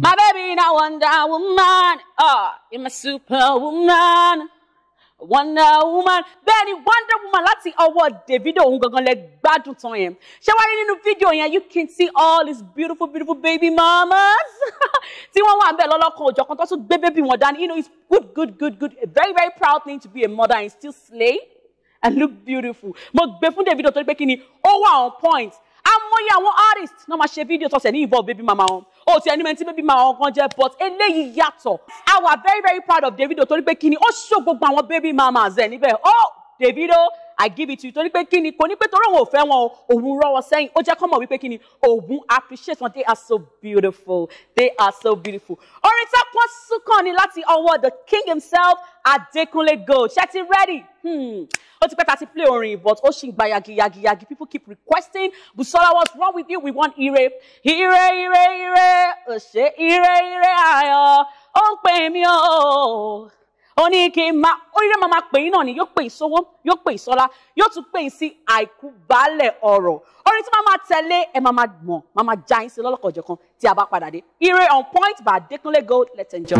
My baby, not wonder woman. Oh, you're my superwoman. Wonder Woman bẹ́ẹ̀ ni Wonder Woman láti ọwọ́ Davido òun gangan lẹ gbádùn tán yẹn ṣé wáyé nínú fídíò yẹn you can see all these beautiful beautiful baby mamas tí one, wà ń bẹ̀ lọ́lọ́kan òjọ̀kan tó tún gbé bébí wọn dání you know it's good good good good a very very proud thing to be a mother and still slay and look beautiful mo gbé fún Davido torí pé kí ni ó wà on point amóye àwọn artist náà máa ṣe fídíò tó ṣẹ̀ ní involve baby mama o ti ẹni mẹ́tí bébí máa ọkàn jẹ́ but eléyìí yàtọ̀ i was very very proud of Davido torí pé kí ni ó ṣó gbogbo àwọn baby mamas ẹ̀ níbẹ̀ oh Davido I give it to you torí pé kí ni kò ní pé torí òun ò fẹ́ wọn o òun rọ́ wọn sẹ́yìn ó jẹ́ kọ́ mọ̀ wípé kí òun appreciate wọn they are so beautiful they are so beautiful orin tó kù wá súnkàn ni láti ọwọ́ the king himself Adékúnlé Gold ṣé ti ready hmm. ó ti pẹ́ ta ti play orin but ó ṣì ń gba yagiyagiyagi people keep requesting Busola what's wrong with you we want ire ire ire ire òṣè ire ire ayọ̀ ó ń pè mí o ó ní kí n máa oríire máa máa pè yín náà ni yóò pè ìṣòwò yóò pè ìṣọlá yóò tún pè yín sí àìkú baálẹ̀ ọ̀rọ̀ orin tí máa máa tẹ̀lé ẹ máa máa mọ̀ máa máa já yín sí lọ́lọ́kọ̀ọ́jọ̀kan tí a bá padà dé ire on point by Adekunle Gold let's enjoy.